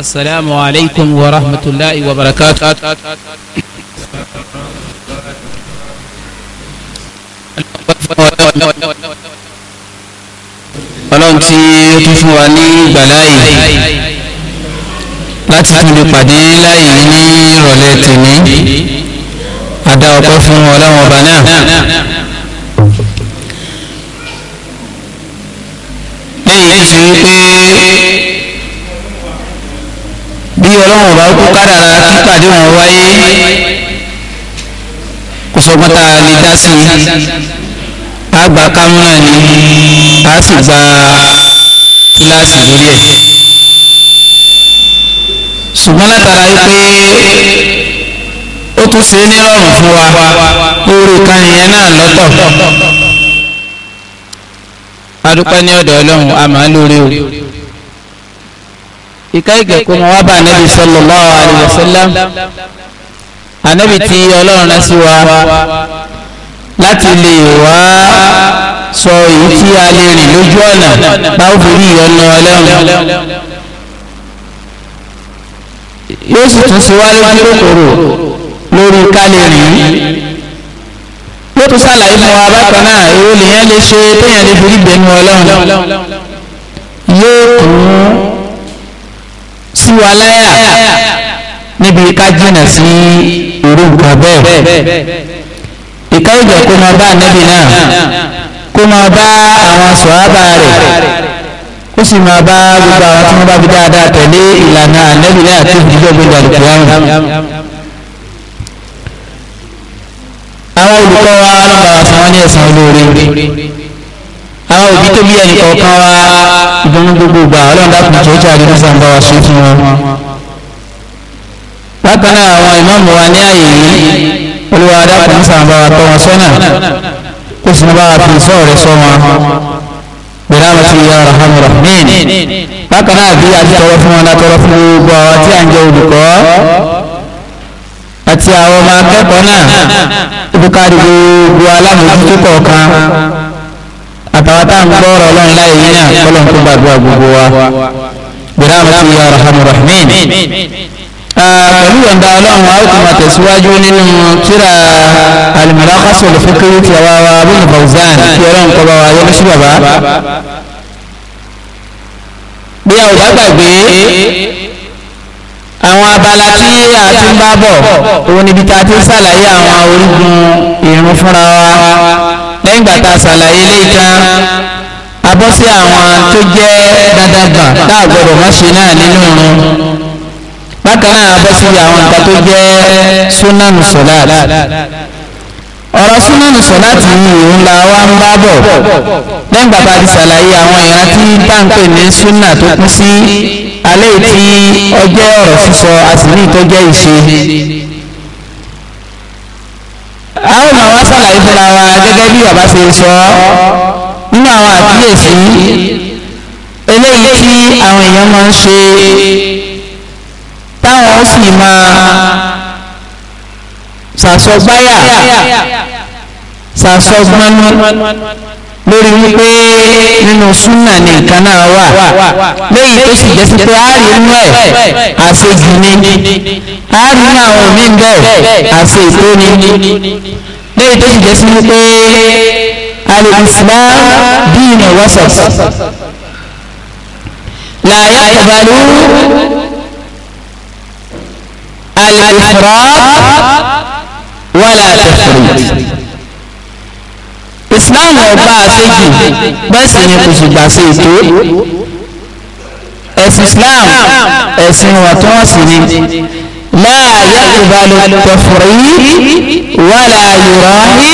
السلام عليكم ورحمة الله وبركاته ọlọ́run tí ó tún fún wa ní gbàláyè láti tún lè pàdé láyè ní ìrọ̀lẹ́ tèmi àdá ọpẹ́ fún ọlọ́run ọba náà lẹ́yìn tí ó fi kádàrá kípàdé wọn wáyé kò sọgbọ́n tá a lè dá sí i a gba kámúrà ni a sì gba kíláàsì lórí ẹ̀ ṣùgbọ́n látara pé ó tún ṣe nírọ̀rùn fún wa oore kan ìyẹn náà lọ́tọ̀ adúpẹ́ ní ọ̀dọ̀ ọlọ́run a o ìka ìgẹ̀ kó mọ wá bá anabi sallallahu alayhi wa sallam anabi tí ọlọ́run rán sí wa láti lè wá sọ èyí tí a lè rìn lójú ọ̀nà báwo fi rí ìyọnu ọlọ́run yóò sì tún sí wá lójú kòkòrò lórí ká lè rìn yóò tún ṣàlàyé fún wa bákan náà èrò lèyàn lè ṣe téèyàn lè fi rí ìgbẹ́nu ọlọ́run yóò kù sí wa láyà níbi ká jìnà sí irú nǹkan bẹ́ẹ̀ ìka ìjọ kó máa bá ànábì náà kó máa bá àwọn sọ̀hábà rẹ̀ ó sì máa bá gbogbo àwọn tí wọ́n bá fi dáadáa tẹ̀lé ìlànà ànábì náà tó fi jọ́ gbogbo àlùkìyàmù. àwọn olùkọ́ wa ló bá wa san wọ́n ní ẹ̀san olóore àwọn òbí tó bí ẹnì kọ̀ọ̀kan wá ìdùnnú gbogbo gbà ọlọ́run dákun tó jáde ní sàǹbá wa ṣe fún wọn. bákan náà àwọn ìmáàmù wa ní àyè yìí olúwa dákun ní sàǹbá wa tọ́ wọn sọ́nà kó sì ní bá wa fi sọ́ọ̀ rẹ̀ sọ́ wọn. bẹ̀rẹ̀ ti yà rahman rahman bákan náà bí a ti tọrọ fún wọn látọrọ fún gbogbo àwọn tí à ń jẹ olùkọ́ àti àwọn ọmọ akẹ́kọ̀ọ́ náà ibùkárí gbogbo alámòjútó kọ̀ọ̀kan àtàwọn tá à ń gbọ́ ọ̀rọ̀ ọlọ́run láyé yìí náà kọ́lọ́n tó gbàdúrà gbogbo wa gbèrè àmàtí ya rahman rahmin. pẹ̀lú yọ̀ǹda ọlọ́run a ó tún máa tẹ̀síwájú nínú tíra al-Mulakhasul Fiqhi ti àwa wa Ibn Fawzan kí ọlọ́run kọ́ bá wa yọ sí bàbá. bí a ò bá gbàgbé àwọn abala tí a ti ń bá bọ̀ òun níbi tá a ti ń ṣàlàyé àwọn orígun ìrun fúnra wa lẹ́yìn ìgbà tá a ṣàlàyé ilé ìtàn abọ́ sí àwọn tó jẹ́ dáadáa gbà tá a gbọ́dọ̀ má ṣe náà nínú irun bákan náà abọ́ sí àwọn nǹkan tó jẹ́ súnánù sọ̀láàtì ọ̀rọ̀ súnánù sọ̀láàtì yìí òun la wá ń bá bọ̀ lẹ́yìn ìgbà tá a àwọn ìran tí táǹpẹ̀ ní súnà tó kún sí alẹ́ ìtí ọjẹ́ ọ̀rọ̀ sísọ àsìrí ìtọ́jẹ́ ìṣe a ó máa wá ṣàlàyé fúnra wa gẹ́gẹ́ bí bàbá ṣe sọ nínú àwọn àkíyèsí eléyìí tí àwọn èèyàn máa ń ṣe táwọn ó sì máa ṣàṣọgbáyà ṣàṣọgbọ́nú lórí wípé nínú súnà ní nǹkan náà wà léyìí tó sì jẹ́ sí pé àárí inú ẹ̀ àṣejù ni àárí inú àwọn òmí ń bẹ̀ àṣe ètò ni léyìí tó sì jẹ́ sí wípé al-Islam dīnu wasat lā yaqbalu al-ifrāṭ wa lā tafrīṭ islam ọba àṣejù bẹ́ẹ̀ sì ni kò sì gbà ṣe ètò ẹ̀sìn islam ẹ̀sìn wọ̀túnwọ̀sì ni láàyè ìbálò tẹ̀fùrí wàlà yòròhìn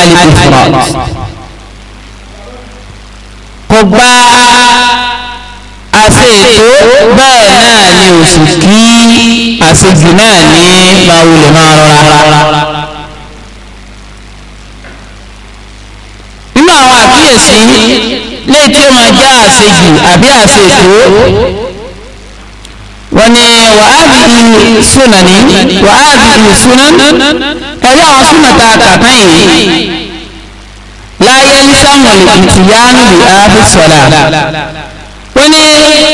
alìkùfùrọ̀ kò gba àṣe ètò bẹ́ẹ̀ náà ni òsì kí àṣejù náà ní báwo lè máa rọra. àkíyèsí léyìí tí ó máa jẹ́ àṣejù àbí àṣètò wọ́n ní wàhálì súnàní wàhálì súnàní ẹ̀rí àwọn súnàtà kàkán yìí láyé lísàmù ìtìyánu lè ábí sọ̀rọ̀ wọ́n ní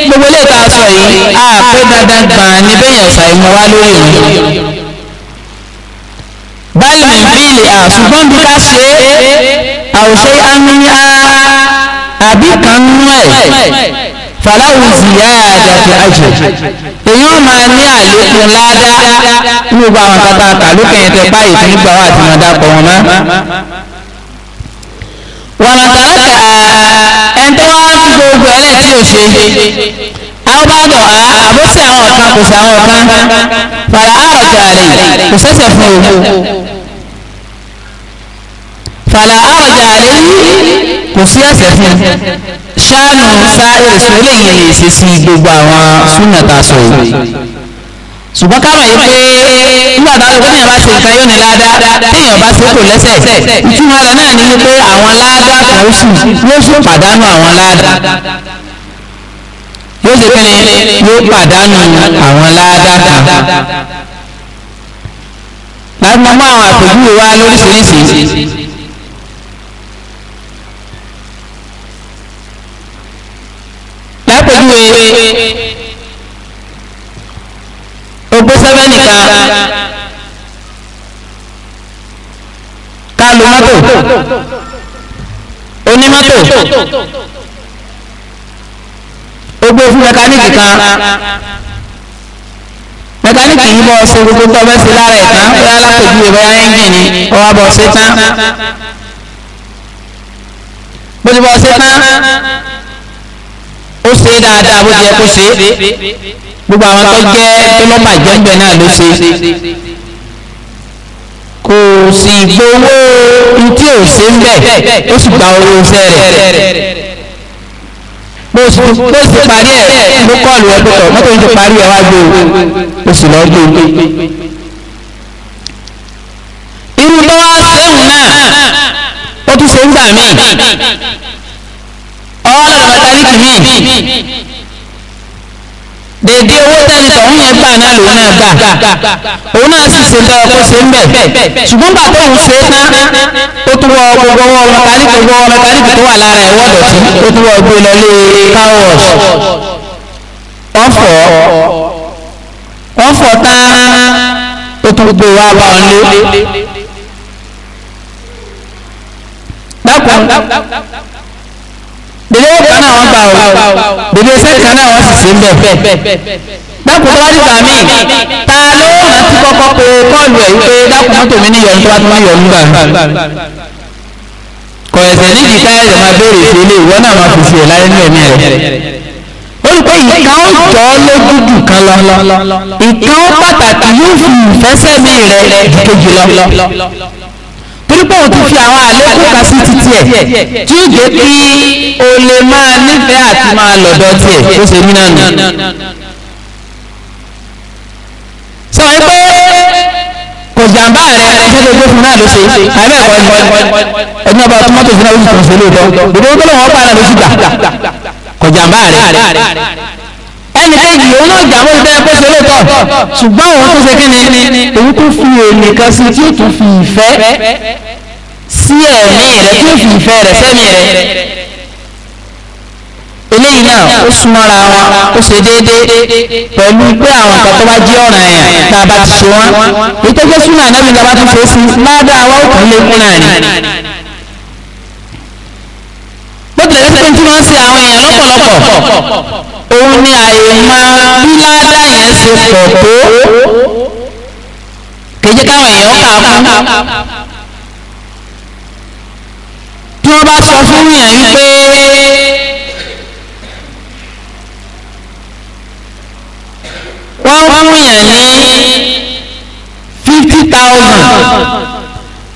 gbogbo ilé ìta sọ yìí àpé dandan gbọ̀n ní bẹ́yẹn ṣàìmọ̀ wá lórí ìrìn báyìí nìbí ilé àṣùgbọ́n bí ká ṣe é àwòṣe àmìyá àbí kan nú ẹ̀ fàlàwù ziyáàdà ti àjò èyí ó máa ní àlékún ládàá ní gbogbo àwọn kata àtàlùkẹ́ yẹn tẹ báyìí tó nígbà wà tí wọ́n dápọ̀ wọn mọ́. wọ́n tàràkà ẹni tó wá fi gbogbo ẹlẹ́ tí ò ṣe àwọn á àbóṣe àwọn kan kò sí àwọn kan fàlà àròkè àlè kò sẹ́sẹ̀ fún òun fàlà àròjà àlẹ́ kò sí ẹ̀sẹ̀ fún ṣáànù sáàrì sùúrù yìí lè ṣe sí gbogbo àwọn súnà tá a sọ yìí ṣùgbọ́n ká mọ̀ yìí pé nígbà tá a lè gbóyìn bá ṣe nǹkan yóò ní ládàá téèyàn bá ṣe kò lẹ́sẹ̀ ìtumọ̀ rẹ̀ náà ni wípé àwọn ládàá kan ó sì yóò sì pàdánù àwọn ládàá yóò ṣe kíni yóò pàdánù àwọn ládàá kan láti mọ mọ àwọn àpèjúwe wa lóríṣiríṣi. pé ogbó sẹ́fẹ́nìkà ká lu mọ́tò onímọ́tò ogbó fún mẹkáníìkì kan mẹkáníìkì yìí bọ́ ṣe gbogbo tó bẹ́ẹ̀ sí lára ẹ̀ tán bóyá lápèjú ìwé ẹ́ńjìnì ọwọ́ bọ̀ ṣe tán bó ti bọ̀ ṣe tán ó ṣe é dáadáa bó ti yẹ kó ṣe é gbogbo àwọn tó jẹ́ tó lọ́mà jẹ́ǹgbẹ́ náà ló ṣe kò sì gbowó ntí ò ṣe ń bẹ̀ ó sì gba owó iṣẹ́ rẹ̀ bó sì parí ẹ̀ ló kọ́ọ̀lù ẹ̀ pẹ̀tọ̀ mọ́tò ń ti parí ẹ̀ wá gbé o sì lọ́ọ́ gbé irú tó wá sẹ́hùn náà ó tún ṣe ń gbà míì dèdè owó tẹ́lẹ̀ tó ń yẹn gbà náà lòun náà gbà òun náà sì ṣe tọ́ ọkọ ṣe ń bẹ̀ ṣùgbọ́n gbà tó ń ṣe tán ó tún wọ gbogbo ọwọ́ mẹkáníkì gbogbo ọwọ́ mẹkáníkì tó wà lára ẹ̀wọ́ dọ̀tí ó tún wọ gbé lọ lé káwọ̀s ọ̀fọ̀ ọ̀fọ̀ tán ó tún gbé wá bá ọ lé dákun dèdè owó kan náà wọ́n gbà gbogbo ẹsẹ̀ kan náà wọ́n sì ṣe ń bẹ̀ dákun tó wá dìgbà míì ta ló rántí kọ́kọ́ pé kọ́ọ̀lù ẹ̀ wípé dákun mọ́tò mi níyọ̀nù tó bá tó níyọ̀nù gbà kọ̀ ẹ̀sẹ̀ nídìí ká ẹ̀sẹ̀ máa béèrè sí ilé ìwọ náà máa fèsì ẹ̀ láyé nínú ẹ̀mí rẹ̀ lórí pé ìka ó jọ ọ́ lójú kan lọ ìka pàtàkì yóò fi ìfẹsẹ̀ mi rẹ̀ kejì lọ torí pé o ti fi àwọn àlékún kan sí títí ẹ̀ tí ó jẹ́ kí o lè máa nífẹ̀ẹ́ àti máa lọ́dọ̀ tiẹ̀ ó ṣe mí náà nù. sọ yìí pé kò jàǹbá rẹ ṣé ló gbé fún náà ló ṣe àìbẹ̀ kọ́ ni ẹni ọba tomato fún náà ló sì tún ṣe lóòótọ́ gbogbo owó tó pa náà ló sì gbà kò jàǹbá rẹ ẹni kéjì òun náà jà mọ́sí tẹ́lẹ̀ pẹ́sẹ̀ lóòtọ́ ṣùgbọ́n òun tó ṣe kí ni èyí tó fi èlé kan sí tí ó tún fi ìfẹ́ sí ẹ̀mí rẹ̀ tí ó fi ìfẹ́ rẹ̀ sẹ́mi rẹ̀ eléyìí náà ó súnmọ́ra wọn ó ṣe déédéé pẹ̀lú pé àwọn nǹkan tó bá jẹ́ ọ̀ràn ẹ̀yàn tá a bá ti ṣe wọ́n èyí tó jẹ́ súnmọ́ ànábì tá a bá tún ṣe é sí ládàá wa ó kàn lékún náà ni bó tilẹ̀ jẹ́ pé tí wọ́n ń ṣe àwọn èèyàn lọ́pọ̀lọpọ̀ òun ni àìmọ̀ bí ládà yẹn ṣe pọ̀ tó kèjé káwọn èèyàn kà fún tí wọ́n bá sọ fún yẹn wípé wọ́n fún yẹn ní fifty thousand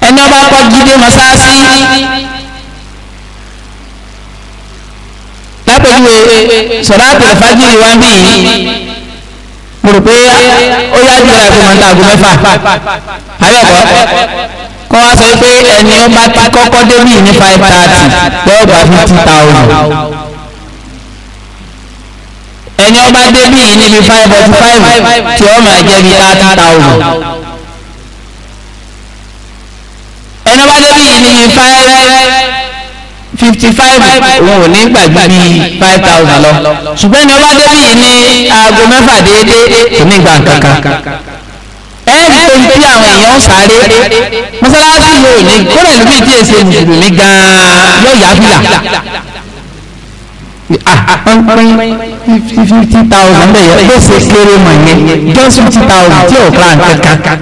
ẹni ọba kọ́ jíde mọ́sáàsì. sọ̀láàtì fájìrì wá ń bì yìí mo rò pé ó yá jù láì fún mọ́tà àgọ́ mẹ́fà ayọ̀kọ́ kọ́ wá sọ pé ẹni ó bá ti kọ́kọ́ débì ní five thirty lọ́wọ́ gba fifty thousand ẹni ó bá débì níbi five forty five tí ó máa jẹ́ bí thirty thousand ẹni ó bá débì níbi five fifty five òun ò ní gbàgbé bíi five thousand lọ ṣùgbọ́n ní ọlọ́dẹ́bí yìí ní aago mẹ́fà déédéé kò ní gbà kankan ẹ ẹ tó ń tí àwọn èèyàn ń sáré mọ́sálásí yóò ní kódà lómi tí èsì mùsùlùmí gan-an yóò yá fìlà ah, pín fifty thousand bẹ́ẹ̀ yẹ bó ṣe kéré mọ̀ yẹn just fifty thousand tí ò plan kankan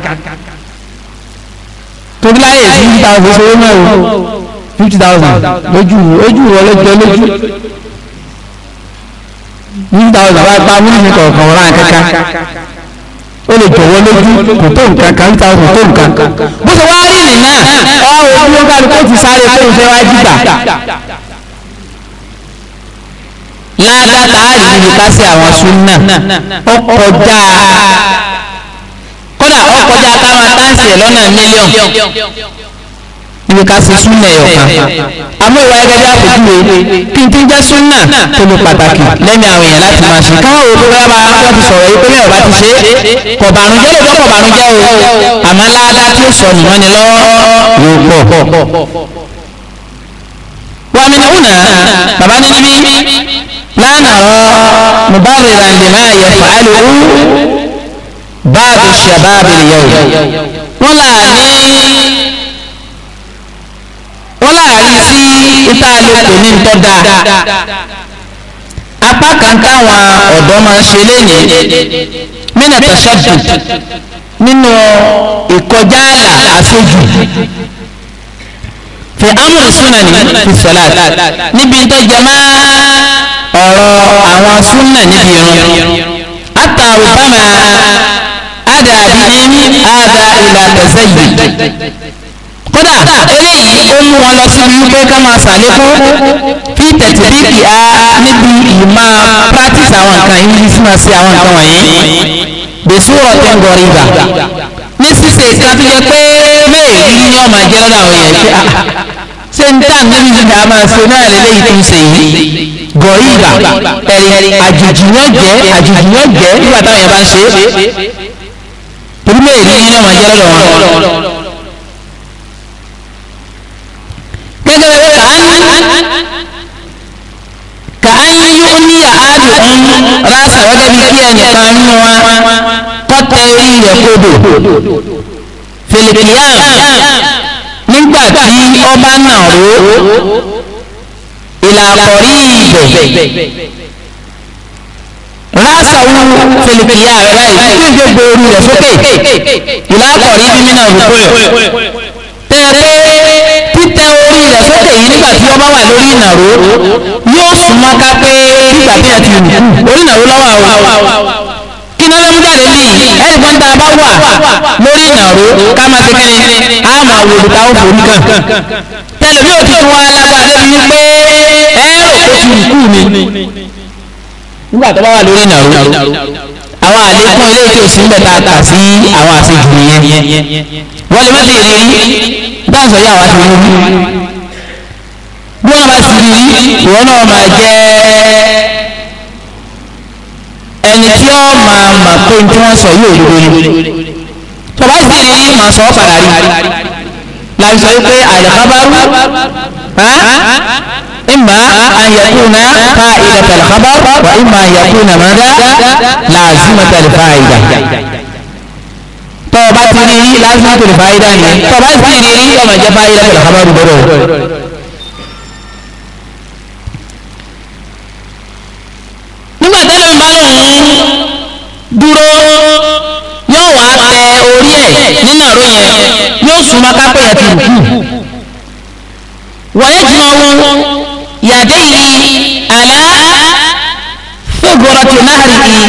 torí láyé fifty thousand ṣe é mọ̀ o fifty thousand lójú ojú ọlọ́jọ́ lójú fifty thousand wá pa mílíọ̀nù kọ̀ọ̀kan ọ̀rá kankan ó lè jọ̀wọ́ lójú kò tó nǹkan kan níta kò tó nǹkan bó ṣe wá rí nì náà ọ ojú ó kálukú ti sáré pé ó fẹ́ wá jìgbà ládàtà àríyìn ká sí àwọn súnà ó kọjá kódà ó kọjá káwọn táǹsì lọ́nà mílíọ̀nù ibi ká ṣe súnà ẹ̀yọ̀kan àmọ́ ìwà gẹ́gẹ́ bí àpèjúwe kí n ti jẹ́ súnà tó lè pàtàkì lẹ́nu àwọn èèyàn láti máa ṣe káwọn òbí wa máa wọ́n ti sọ̀rọ̀ yìí pé lẹ́yìn ọba ti ṣe kọ̀bàrúnjẹ́ lè bọ́ kọ̀bàrúnjẹ́ o àmọ́ láàlá tí ó sọnù mọ́ ni lọ́wọ́ yóò pọ̀. wàmí náà wùnà bàbá ní níbí lánàá mubari randima yẹ fàálù báàbù ṣàbáàbì yẹ wọ́n là ní. tá a lè pè ní ntọ́ dáa apá kan táwọn ọ̀dọ́ máa ń ṣe léyìn mínà tàṣàbù nínú ìkọjá àlà àṣejù fi amúlù súnà ní fi sọlá níbi tó jẹ máa ọ̀rọ̀ àwọn súnà níbi irun àtàwọn bá àdàbí àdà ìlànà sẹ́yìn kódà eléyìí ó mú wọn lọ sí wípé ká máa ṣàlékún bí tẹ̀tẹ̀bíkì á níbi ìmọ̀ practice àwọn nǹkan yìí sí máa ṣe àwọn nǹkan wọ̀nyí gbèsè ọ̀tẹ̀ ń gọrí ibà ní ṣíṣe ìka tó yẹ pé méèrí ni wọ́n máa jẹ́ lọ́dọ̀ àwọn èèyàn ṣe ń tà níbi ìdá a máa ṣe náà lélẹ́yìí tó ń ṣe yìí gọrí ibà ẹ̀rí àjèjì wọ́n jẹ́ àjèjì wọ́n jẹ́ nígbà táwọn èèyàn bá ń ṣe torí méèrí ni wọ́n máa jẹ́ lọ́dọ̀ wọn. ọ̀kan nínú wa kọ́tẹ orí rẹ̀ kodò fèlèkìyà nígbà tí ọba náà ró ìlàkọ̀rí ibẹ̀ rásáwú fèlèkìyà rẹ̀ báyìí tí ìjọ gbòòrò rẹ̀ sókè ìlàkọ̀rí mímínà òkúlẹ̀ tẹ́ pé títẹ orí rẹ̀ sókè yìí nígbà tí ọba wà lórí ìnàró yóò súnmọ́ ká pé nígbà tí ẹ ti rù orí ìnàró lọ́wọ́ àwọn náà ló mú jáde ní yìí ẹnì kan tá a bá wà lórí ìnàró ká máa ṣe kẹ́ni á máa wò lùtà ó forí gan tẹlifí ò ti tún wá lágbára débi pé ẹ rò kó ti rùkú mi nígbà tó bá wà lórí ìnàró àwọn àlékún ilé tí o sì ń bẹ̀ tá a kà sí àwọn àṣejù nìyẹn wọ́n lè má lè rí dáhùn sọ yà wá sí rí bí wọ́n bá sì rí ìwọ náà máa jẹ́ ẹni tí ó máa mà pé tí wọ́n sọ yóò dúró ni tọ́ba sì rí màá sọ padà rí la sọ pé àlẹ́kábárú imma an yakuna fa'idata al-khabar wa imma an yakuna madha lazimata al-fa'ida tọ́ba ti rí lazimata al-fa'ida ni tọ́ba sì rí ọmọ ìjẹba ayélujára khabaru gbọ́dọ̀. súnmọ́ kápẹ́ yẹn ti rùkú wọ́yẹ́ jùmọ̀ wọn yàdé yìí àlá fúgbọ́rọ̀ tó náà rí i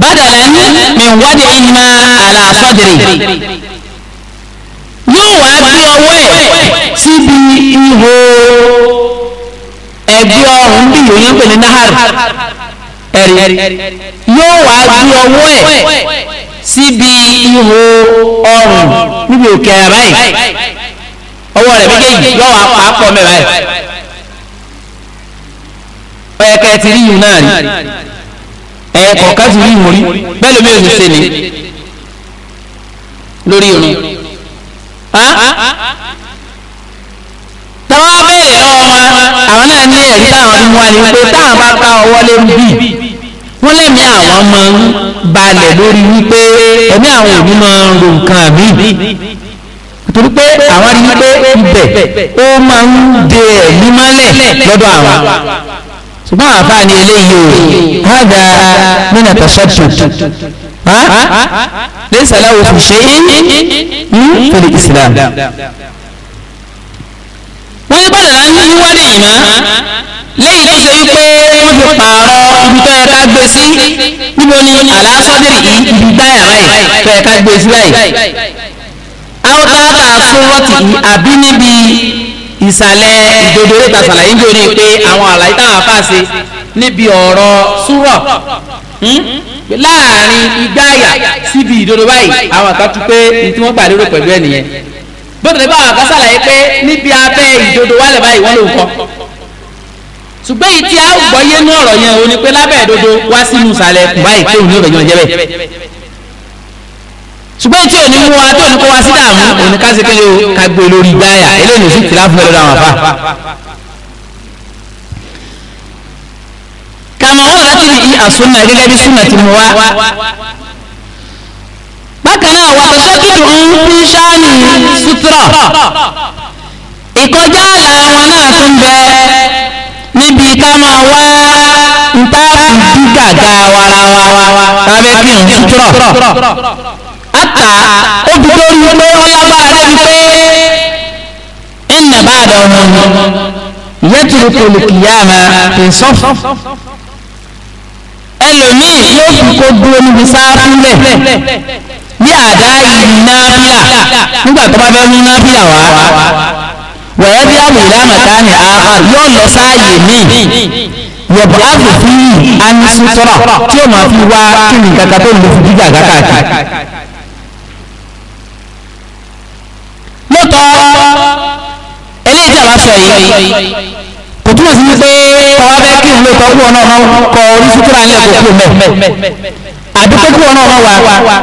bádàlá ní ìwádìí ìmọ̀ àlá sọ́dìrì yóò wá gbé ọwọ́ ẹ̀ síbi ihò ẹ̀gbẹ́ ọ̀run bí yòóyìn pè náà rí yóò wá gbé ọwọ́ ẹ̀ síbi ihò ọrùn níbi òkè ara báyìí ọwọ́ rẹ̀ méjèèjì lọ́wọ́ apapọ̀ mẹ́ báyìí ọ̀yẹ́ kẹ́ ẹ ti rí ihò náà rí ẹ̀yẹ kọ̀ọ̀kan ti rí ihò rí bẹ́ẹ̀ ló bí òṣù ṣe ni lórí irun táwọn abẹ́rẹ́ lọ́wọ́ wọn àwọn náà ní ẹ̀rí táwọn mú wa ni pé táwọn bá ká ọwọ́ lé ń bì wọ́n lẹ́mí àwọn máa ń balẹ̀ lórí wípé ẹ̀mí àwọn òbí máa ń ro nǹkan mi torí pé àwọn rí wípé ibẹ̀ ó máa ń de ẹ̀mí mọ́lẹ̀ lọ́dọ̀ àwọn ṣùgbọ́n àfa ni eléyìí o hada mina tashatut laysa lahu fi shay'in fil islam wọ́n ní gbọ́dọ̀ láyé yíwá nìyí náà léyìí tó ṣe wípé wọ́n fi pààrọ̀ ibi tó yẹ ká gbé sí níbo ni àlàáfọ́dìrì yìí ibi gbáyà báyìí tó yẹ ká gbé sí báyìí. àwọn tààtà súnrọ́tì yìí àbí níbi ìsàlẹ̀ ìdodo oríta sàlàyé ń jóni pé àwọn àlàyé táwọn afá ṣe níbi ọ̀rọ̀ súrọ̀ hmm? láàrin igbáyà síbi ìdodo báyìí àwọn kan tún pé ní tí wọ́n gbà lérò pẹ̀lú ẹ̀ nìyẹn bó tilẹ̀ bá àwọn sàlàyé pé níbi abẹ́ ìdodo wálẹ̀ báyìí wọ́n ló ń kọ́ ṣùgbọ́n èyí tí a ó gbọ́yé ní ọ̀rọ̀ yẹn o ni pé lábẹ́ ìdodo wá sínú ìsàlẹ̀ kùbá ìpé òun ní òbẹ̀yìn ọ̀jẹ́ bẹ́ẹ̀ ṣùgbọ́n èyí tí ò ní mú wa tó ní kó wa sí dààmú òní ká ṣe pé o ká gbé lórí gbáyà eléyìí sì ti láfún lọ́dọ̀ àwọn àfa. kàmọ́ ó rántí ní àsúnà gẹ́gẹ́ bí súnà ti mú wa bákan náà wà tó ń fi ṣáà ìkọjá àlà wọn náà tún bẹ́ẹ̀ níbi ká máa wá nta ìdí gàgà wàrà wàrà tàbí kí n sùtúrọ̀ àtà obì tó rí pé ni pé ẹnà bá dà ọmọ yẹtùrú kòlìkìyàmà fi sọ́fù ẹlòmíì yóò fi kó dúró níbi sáárá ńlẹ̀ bí àdá yìí náà fìlà nígbà tó bá fẹ́ mú náà fìlà wá wẹ̀ẹ́dí àmì ìlànà dání àhàn yóò lọ sáàyè míì yọ̀bọ̀ ààbò fún yìí anisitọ́ra tí ó máa fi wá kí ni kàkà tó lè fi jíjà kákàkiri. lóòótọ́ eléyìí tí a bá sọ yìí kò túmọ̀ sí wípé tọ́wọ́ bẹ́ẹ̀ kí n lè tọ́ kú ọ̀nà ọ̀nà kọ orí sutura ilé ẹ̀kọ́ kú mẹ́ àbí kó kú ọ̀nà ọ̀nà wà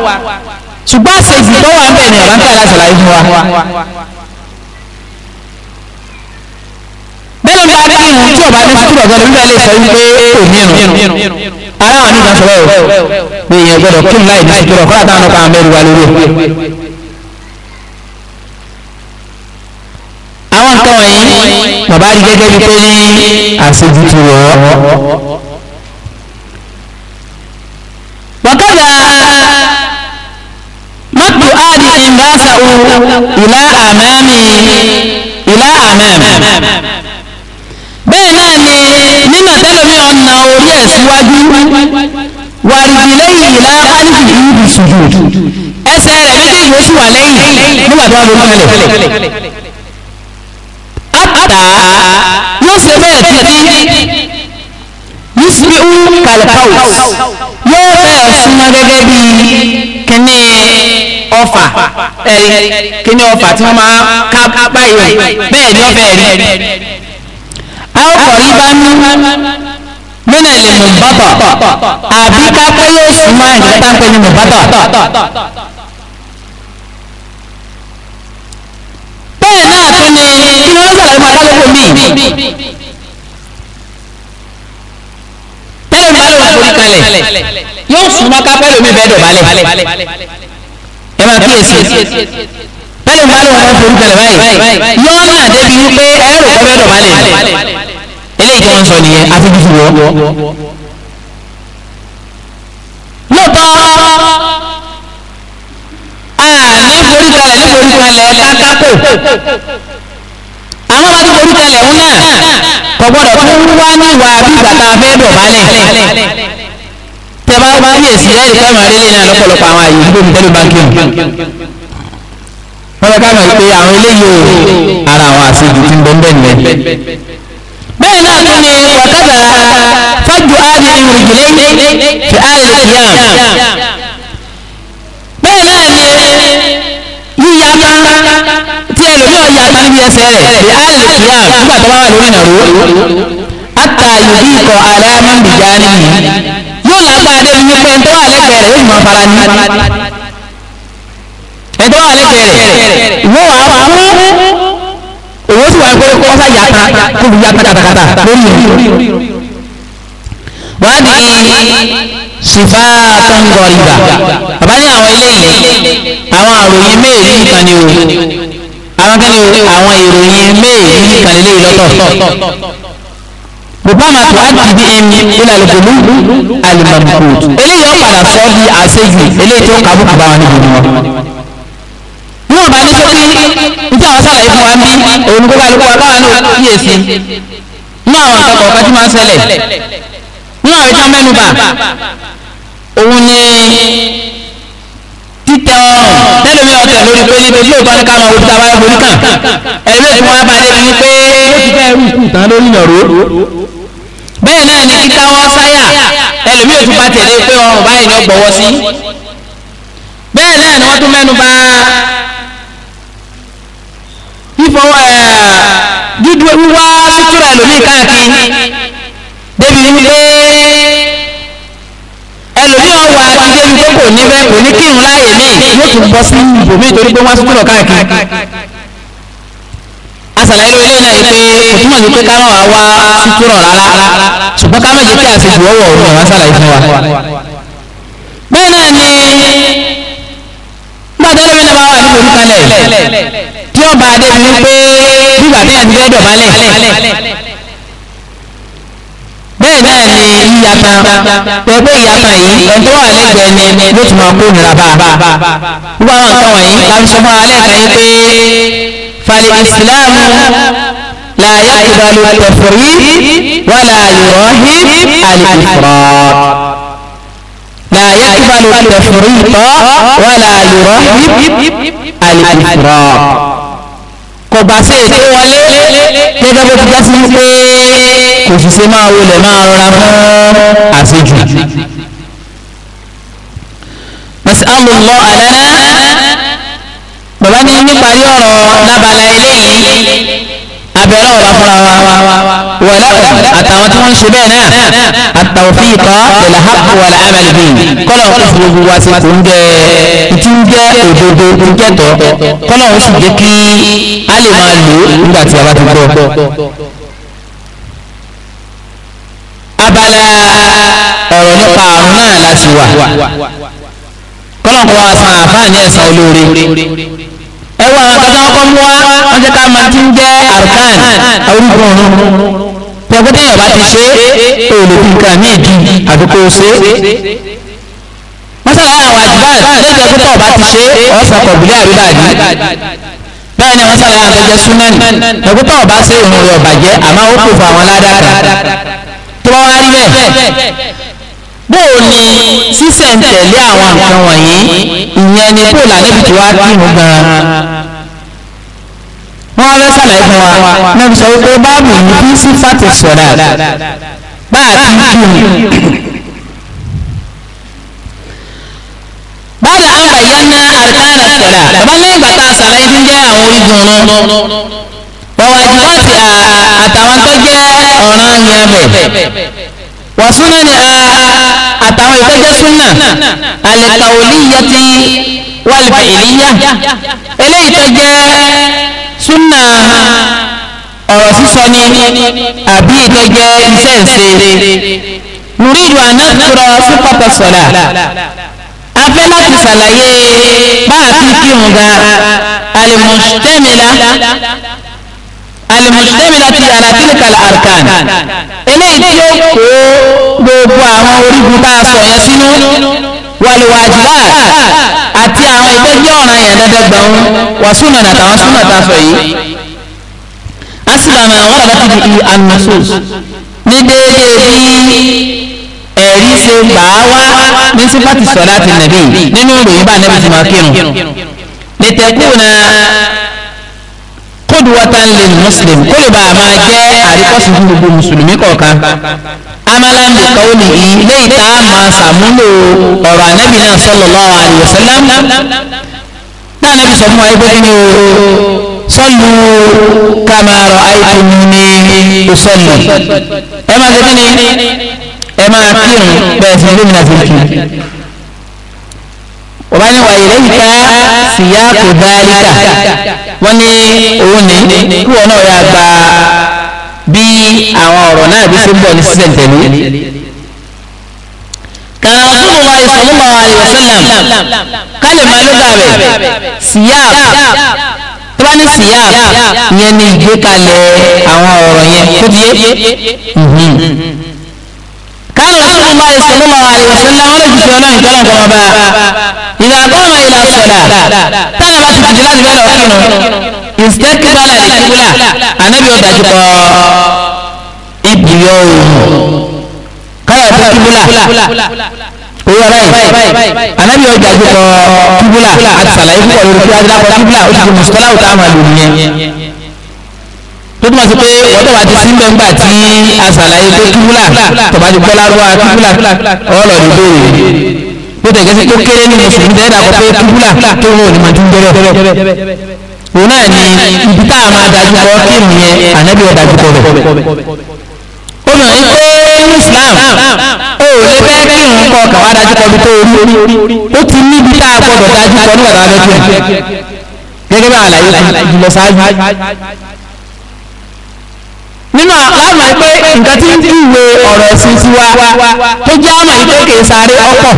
ṣùgbọ́n àṣejù tó wà ń bẹ̀ ni ọ̀bá ń tẹ̀ láti fún wa. ń bá ní ìrùn tí ọba ní sùkúrù ọ̀gá lórí ilé sọ wípé kò ní ìrùn ara àwọn oníjà sọ̀rọ̀ o pé èèyàn gbọ́dọ̀ kí n láì ní sùkúrù ọ̀kọ́ àtàwọn ọkọ̀ àmẹ́rù wa lórí àwọn nǹkan wọ̀nyí bàbá rí gẹ́gẹ́ bí pé ní àṣejù ti wọ̀ ọ́ wàkàdà mọ́tò áàdì ìbáṣà ò ìlà àmàmì ìlà náà ni nínà tẹ́lómi ọ̀nà orí ẹ̀ síwájú wàrìdì lẹ́yìn ìlà alifi ìlú sùdù ẹsẹ̀ rẹ̀ méjèèjì ó sì wà lẹ́yìn nígbà tó wà lórí kalẹ̀. ata yóò ṣe bẹ́ẹ̀ títí yusufu kalipaus yóò fẹ́ súnmọ́ gẹ́gẹ́ bí kíní ọfà kíní ọfà tí wọ́n máa ká báyìí bẹ́ẹ̀ ni ọ̀fẹ́ rẹ̀ àwọn kọ̀rí bá ní mínà lè mú bàbà àbí kápẹ́ yóò súnmọ́ ẹ̀jẹ̀ táǹpẹ́ ní mú bàbà. bẹ́ẹ̀ náà tún ni kí wọ́n sàlàyé máa kálukú mi. lẹ́yìn bá lóun forí kalẹ̀ yóò súnmọ́ kápẹ́ lómi bẹ́ẹ̀ dọ̀bálẹ̀ ẹ máa kíyèsí bẹ́ẹ̀ ni bá lóun forí kalẹ̀ báyìí yọ́ọ́ mà débi wípé ẹ̀rù kọ́ bẹ́ẹ̀ dọ̀bálẹ̀ eléyìí tí wọ́n ń sọ nìyẹn àti dúdú wọ́. lóòótọ́ a ní foríkalẹ̀ ní foríkalẹ̀ kákákò àwọn bá ti foríkalẹ̀ òun náà kò gbọ́dọ̀ tó wá níwà bígbà tá a fẹ́ dọ̀bálẹ̀ tẹ bá yẹ sí ẹ̀rí pẹ́ màá rélé náà lọ́pọ̀lọpọ̀ àwọn àyè ìdúró ní tẹ́lẹ̀ báńkì wọ́n yẹ ká mọ̀ pé àwọn eléyìí ara àwọn àṣejù ti ń bẹ́ńbẹ́ nìyẹn náà tún ni wàkàtà fọ́jú áàdì ìrìnjìlẹ̀ fi áàdì kìíyà. bẹ́ẹ̀ náà ni yíya pa tí ẹlòmíràn yà pa níbi ẹsẹ̀ rẹ̀ fi áàdì kìíyà nígbà tó bá wà lórí ìnàró. àtà yìí kọ ààrẹ máa ń bìjà nìyí yóò lágbára dé ní pé ẹni tó wà lẹ́gbẹ̀ẹ́ rẹ̀ yóò mọ̀ fara ní. ẹni tó wà lẹ́gbẹ̀ẹ́ rẹ̀ wọ́n wà fún òwò sì wà pé kọ́ sá yà ta kó fi yà kátàkátà lórí rẹ̀. wọ́n ní ṣìfà tọ́ngọ̀rìbà bàbá ní àwọn eléyìí àwọn àròyìn méèlì nìkan ni o àwọn kẹ́ni o àwọn ìròyìn méèlì nìkan lè léyìí lọ́tọ̀. Bùbámà tó àdìdí ẹni ilẹ̀ àlùkòlù àlùmọ̀mùkù. Eléyìí ó padà sọ́ di àṣejù eléyìí tó kàbùkù bá wọn níbi wọn níta àwọn sàlàyé fún wa ń bí òun kó kálukú wa báwa náà kíyè sí ní àwọn nǹkan kọ̀ọ̀kan tí máa ń ṣẹlẹ̀ ní àwọn ìtàn mẹ́nuba òun ni títẹ ọrùn tẹlẹmi ọtẹ lórí pé níbi ilé ìtọ́ni ká máa wo títa báyọ̀ borí kàn ẹ̀rí èsì wọn bá débi ni pé ó ti fẹ́ rú ìkú tán lórí ìyàrá bẹ́ẹ̀ náà ni kíkà wọn sáyà ẹlòmíì ò tún bá tẹ̀lé pé ọrùn báyìí ni ó gbọ́wọ́ sí bẹ́ẹ̀ náà ni wọ́n tún mẹ́nu bà ìfọ̀ eh, dídú wíwá sútúrà ẹlòmíì káàkiri débi wípé ẹlòmíì ọwọ́ àti débi pé kò ní bẹ́ẹ̀ kò ní kírun láàyè míì yóò tún bọ́ sí ibòmíì torí pé wọ́n sútúrà káàkiri asàlàyé lórí ilé náà yìí pé kò túmọ̀ sí pé ká máa wá sútúrọ̀ rárá ṣùgbọ́n ká má jẹ́ kí àṣejù ọwọ́ òun ọ̀rọ̀ asàlàyé fún wa. bẹ́ẹ̀ náà ni gbàdúrà lómi náà bá wà ní orúkọ náà yìí tí ọba adé ti ń pé bíbà tí a ti fẹ́ dọ̀bálẹ̀ bẹ́ẹ̀ náà ni ìyapa pẹ̀lú ìyapa yìí ẹ̀tọ́ wà lẹ́gbẹ̀ẹ́ ni ló tún máa kó nira bá gbogbo àwọn nǹkan wọ̀nyí la fi sọ fún alẹ́ kan yìí pé falẹ̀ ìsìláàmù la yakubalu tẹ̀fọ̀rí wàlà yòrọ̀hí àlìkùrọ̀ la yakubalu tẹ̀fọ̀rí tọ́ wàlà yòrọ̀hí àlìkùrọ̀ kọgbà sí èdè wọlé gẹ́gẹ́ bó ti já sí pé kò sì ṣe máa wọlé máa rọra mọ́ àṣejù. nasalu lọ àlẹ́ bàbá ní níparí ọ̀rọ̀ lábala eléyìí abẹ́rẹ́ ọ̀la fúnra wa wọlé àtàwọn tí wọ́n ń ṣe bẹ́ẹ̀ náà àtàwọ̀fí ikọ̀ ìlàhà wọlé amẹ́lẹ́bí kọ́lọ̀ ń fi gbogbo wa sí kò ń jẹ́ ìtú ń jẹ́ òdodo ń jẹ́ tọ́ kọ́lọ̀ ń sì jẹ́ kí a lè máa lò nígbà tí a bá ti gbọ́. abala ọ̀rọ̀ nípa àrùn náà láti wà kọ́lọ̀ ń kọ́ wa san àfáàní ẹ̀sán olóore àwọn àgbàdo ọkọ̀ mú wa wọ́n jẹ́ ká máa ti ń jẹ́ àrùkán orúkọ ọ̀run pẹ̀lúkẹ́ yọ̀bá ti ṣe é olè fi nǹkan mí di o ṣe mọ́sálà àwọn àjùbá lẹ́jọ́ pé tọ́ọ̀bá ti ṣe ọ̀sán pọ̀bìlì àríbàdì bẹ́ẹ̀ ni mọ́sálà àwọn àtẹ́jẹ́ súnmẹ́nì lọ́gbọ́n tọ́ọ̀bá ṣe ìrùn rẹ̀ ọ̀bàjẹ́ àmọ́ ó kò fún àwọn ládàá tó bá wá rí bẹ́ẹ̀ bóò ni sísẹ̀ntẹ̀lé àwọn nǹkan wọ̀nyí ìyẹn ni bóò làníbi tí wàá kírun gan-an wọ́n fẹ́ sàlàyé fún wa náà sọ pé báàbù yìí fi sí fàtí sọ̀rọ̀ báà ti kí ni. báàlà ń bàyẹ̀ ná àrùkánà sọ̀rọ̀ bàbá lẹ́yìn bàtà sàlàyé ti ń jẹ́ àwọn orígun ọ̀run wọ̀wájú bọ́ọ̀tì àtàwọn tó jẹ́ ọ̀ràn yẹn bẹ̀ wàsúnà ni àtàwọn ìtọ́jẹ́ súnà àlẹ́kàwòlíyà ti wàlùbẹ̀ẹ́líyà eléyìí tó jẹ́ súnà ọ̀rọ̀ sísọ ni àbí ìtọ́jẹ́ iṣẹ́ ìṣe nùrídù ànásùrọ̀ sípàtà sọ̀là afẹ́ láti ṣàlàyé báàtì kírun ga alìmọ̀ṣẹ́mìlá alìmọ̀ṣẹ́mìlá ti ara tílìkàlà arkan eléyìí tí ó kó gbogbo àwọn orígun tá a sọ yẹn sínú wàlúwàjúwà àti àwọn ìgbẹ́ jẹ́ ọ̀ràn yẹn dandan gbọ̀n wà súnà àtàwọn súnà tá a sọ yìí. asìlámù àwọn ọ̀rọ̀ ti di anusus ní déédéé bí ẹ̀rí ṣe gbà á wá ní sífàtì sọ̀rọ̀ àti nàbí nínú ìròyìn bá nàbí ti máa kírun. lìtẹ̀kùnà kódùwọ́tà ń lè mùsùlùm kó máa jẹ́ àríkọ́sí fún gbogbo mùsùlùmí kọ̀ọ̀kan amalambo kawoni ilé ìta máa sàmúlò ọ̀rọ̀ ànábì náà sallallahu alaihi wasallam náà ànábì sọ fún wa ẹgbẹ́ kí ni o sọlù kàmàrọ àìtùmí ìsọlù ẹ máa ṣe kíni ẹ máa kírun bẹ́ẹ̀ sí lómìnà sí kí wọ́n ní wàyí lẹ́yìn ká síyá kò dáríkà wọ́n ní òun ní kí wọ́n náà yà gba bí àwọn ọ̀rọ̀ náà bí ṣe ń bọ̀ ní sísẹ̀ntẹ̀lé. kana Rasulullahi sallallahu alaihi wasallam kálí màlúgà rẹ̀ síyáàb tó bá ní síyáàb yẹn ni ìgbékalẹ̀ àwọn ọ̀rọ̀ yẹn kó قال رسول الله صلى الله عليه وسلم ولا جسنا كلام كما إذا قام إلى الصلاة ترى ما تجلس بلا وكينه استكبر القبلة النبي يدعو إبيو قال القبلة owó ọ̀rẹ́ yìí anabi ọjà àjọpọ̀ kíbúlà àti sàlàyé púpọ̀ lórí kí adúlápọ̀ tó túmọ̀ sí pé ọ̀dọ́ wa ti sí mẹ́ngbà tí a ṣàlàyé pé kíbúlà tọ̀bá ti gbọ́ lárúbá kíbúlà ọ̀rọ̀ ìbéèrè bó tẹ̀ gẹ́sẹ́ tó kéré ní mùsùlùmí tẹ́ dàgbọ́ pé kíbúlà tó wọn ò ní máa ti ń bẹ̀rẹ̀ òun náà ni ibi tá a máa dájú kọ kírun yẹn ànábì ọ̀ dájú kọ rẹ̀ ó mọ̀ ní pé ní Islam ó lè fẹ́ kírun kọ kàwá dájú kọ bí tó orí ó ti níbi tá a gbọdọ̀ dájú kọ nígbà tá a fẹ́ kírun gẹ́gẹ́ bí àlàyé jùlọ ṣáájú nínú láàmà pé nǹkan tí ń júwe ọ̀rọ̀ ẹ̀sìn tiwa tó jẹ́ àmà yìí pé kìí sáré ọkọ̀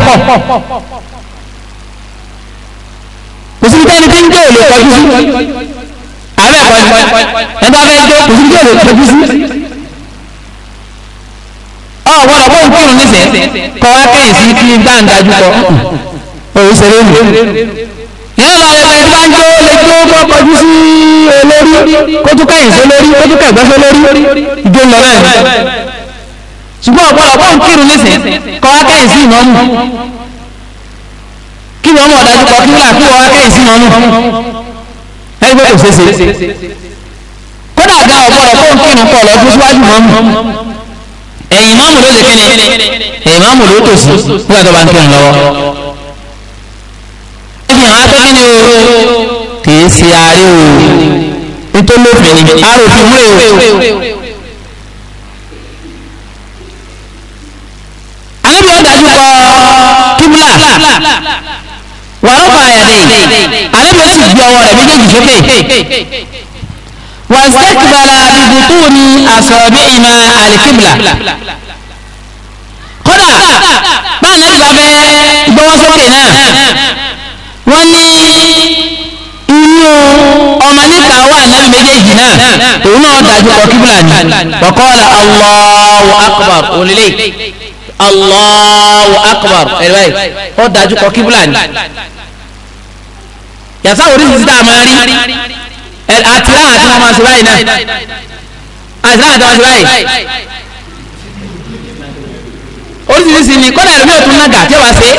kò sí tẹ́ni tí ń gbé èlò kọjú sí àbẹ̀ kọjú ẹ̀ bá fẹ́ gbé kò sí gbé èlò kọjú sí ọ̀ gbọ́dọ̀ bó ń kírun kọ́ wá kéyìn sí kí gbáǹdájú kọ́ òun ṣeré nù yóò máa lọ ẹni bá ń jó lè jó kó kọjú sí olórí kó tún kẹyìn sólórí kó tún kẹgbẹ́ sólórí ìjó ń lọ bẹ́ẹ̀ ṣùgbọ́n ọ̀pọ̀lọpọ̀ ń kírun nísìn kọ́ wá kẹyìn sí ìmọ̀mù kí wọ́n mọ̀ dájú kọ́ kíńlá kí wọ́n wá kẹyìn sí ìmọ̀mù ẹni pé kò ṣeéṣe kódà ga ọ̀pọ̀lọpọ̀ ń kírun kọ́ lọ́dún síwájú mọ́mù ẹ̀yìn mọ́mù ló lè kíni ẹ̀yìn mọ́mù ló tòṣì nígbà tó bá ń kírun lọ́wọ́ o kìí ṣe ààrẹ o nítorí òfin ni aròfin múlẹ̀ o. واستقبل ببطون أصابعهما القبلة kódà báà náà gbàgbé gbọ́wọ́ sókè náà wọ́n ní òun náà dájú kọ kíbùlà ni wàkọ́ọ̀lá Allahu akbar onílé Allahu akbar ẹ̀rọ ẹ̀ ó dájú kọ kíbùlà ni yàtọ̀ oríṣiríṣi tá a máa rí àtìláhà tí wọ́n máa ṣe báyìí náà àtìláhà tí wọ́n máa ṣe báyìí oríṣiríṣi ni kọ́lá ẹ̀rọ mi ò tún nága tí wàá ṣe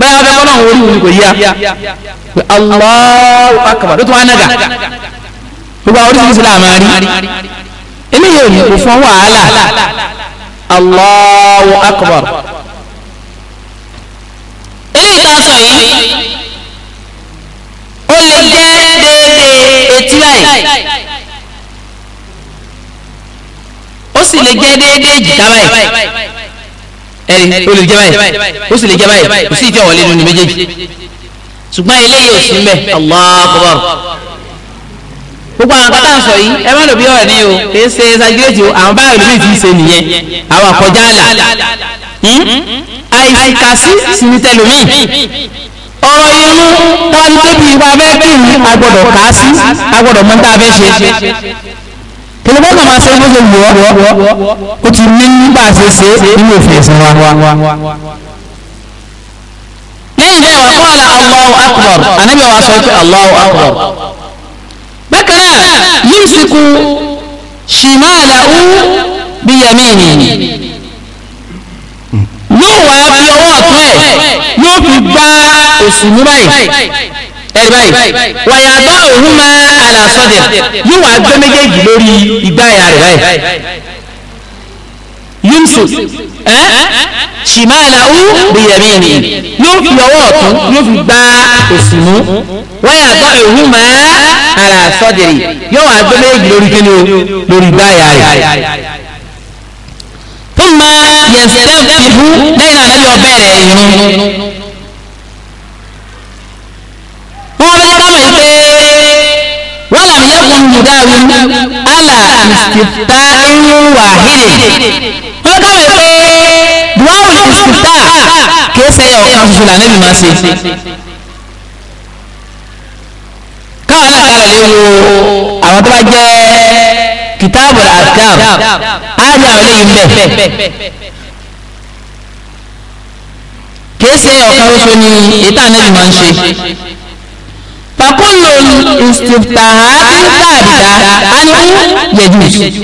báyà wọ́n fẹ́ kọ́lá òun orí òun kò yíya Allahu akbar ló tún wá nága gbogbo àwọn oríṣiríṣi là máa rí eléyìí ò ní kó fún wàhálà Allahu akbar eléyìí tá a sọ yìí ó lè jẹ́ déédéé etí báyìí ó sì lè jẹ́ déédéé jìtá báyìí ẹ̀rí ó lè jẹ́ báyìí ó sì lè jẹ́ báyìí kò sí ìtẹ̀wọ̀lé nínú méjèèjì ṣùgbọ́n eléyìí ò sí mbẹ́ Allahu akbar gbogbo àwọn akátá ń sọ yìí ẹ má lò bí ọ̀rẹ́ ní o kì í ṣe ṣàgírẹ́tì o àwọn báyìí lómi ti ṣe nìyẹn àwọn àkọjá àlà hmm? àìkàsí sì ní tẹlómi ọ̀rọ̀ irun táwọn tóbi ìwà fẹ́ kí ni a gbọ́dọ̀ kà á sí a gbọ́dọ̀ mọ tá a fẹ́ ṣe tẹlifọ́n náà máa ṣe bó ṣe wù ọ́ ó ti ní nígbà ṣe ṣe nínú òfin ẹ̀sìn wa lẹ́yìn náà wà kọ́ àlà Allahu akbar anábìyà wa sọ pé Allahu akbar yumsiku shimalahu biyamini yóò wá fi ọwọ́ ọ̀tún ẹ̀ yóò fi gbá òsì mú báyìí ẹ̀rí báyìí wàyàtọ̀ òhun máa àlàsọ̀dẹ̀ yóò wá gbé méjèèjì lórí ìgbáyà rẹ̀ báyìí yumsu ẹ́ shimalahu biyamini yóò fi ọwọ́ ọ̀tún yóò fi gbá òsì mú wàyàtọ̀ òhun máa ala sọ́dìrì yóò wá gbé méjì lórí kíni o lórí gbáyà rẹ̀. fún ma yẹ̀sẹ̀ fífú lẹ́yìn náà lẹ́yìn ọbẹ̀ rẹ̀ irun. wọ́n fẹ́ kámọ̀ yìí pé wọ́n làm yẹ́kùn mùdáwìn ala ìsìtá irun wàhídì. wọ́n kámọ̀ yìí pé duwawu ìsìtá kìí sẹ́yọ̀ kan ṣoṣo lànà ìlú máa ṣe. àwọn tó bá jẹ́ kìtáàbù àdáàbù á rí àwọn eléyìí ń bẹ̀. kìí ṣe ọ̀kan oṣù ni ètò ànábì máa ń ṣe. pàkúlò ìsìtà àdìgbàdà ánìkú yẹjú.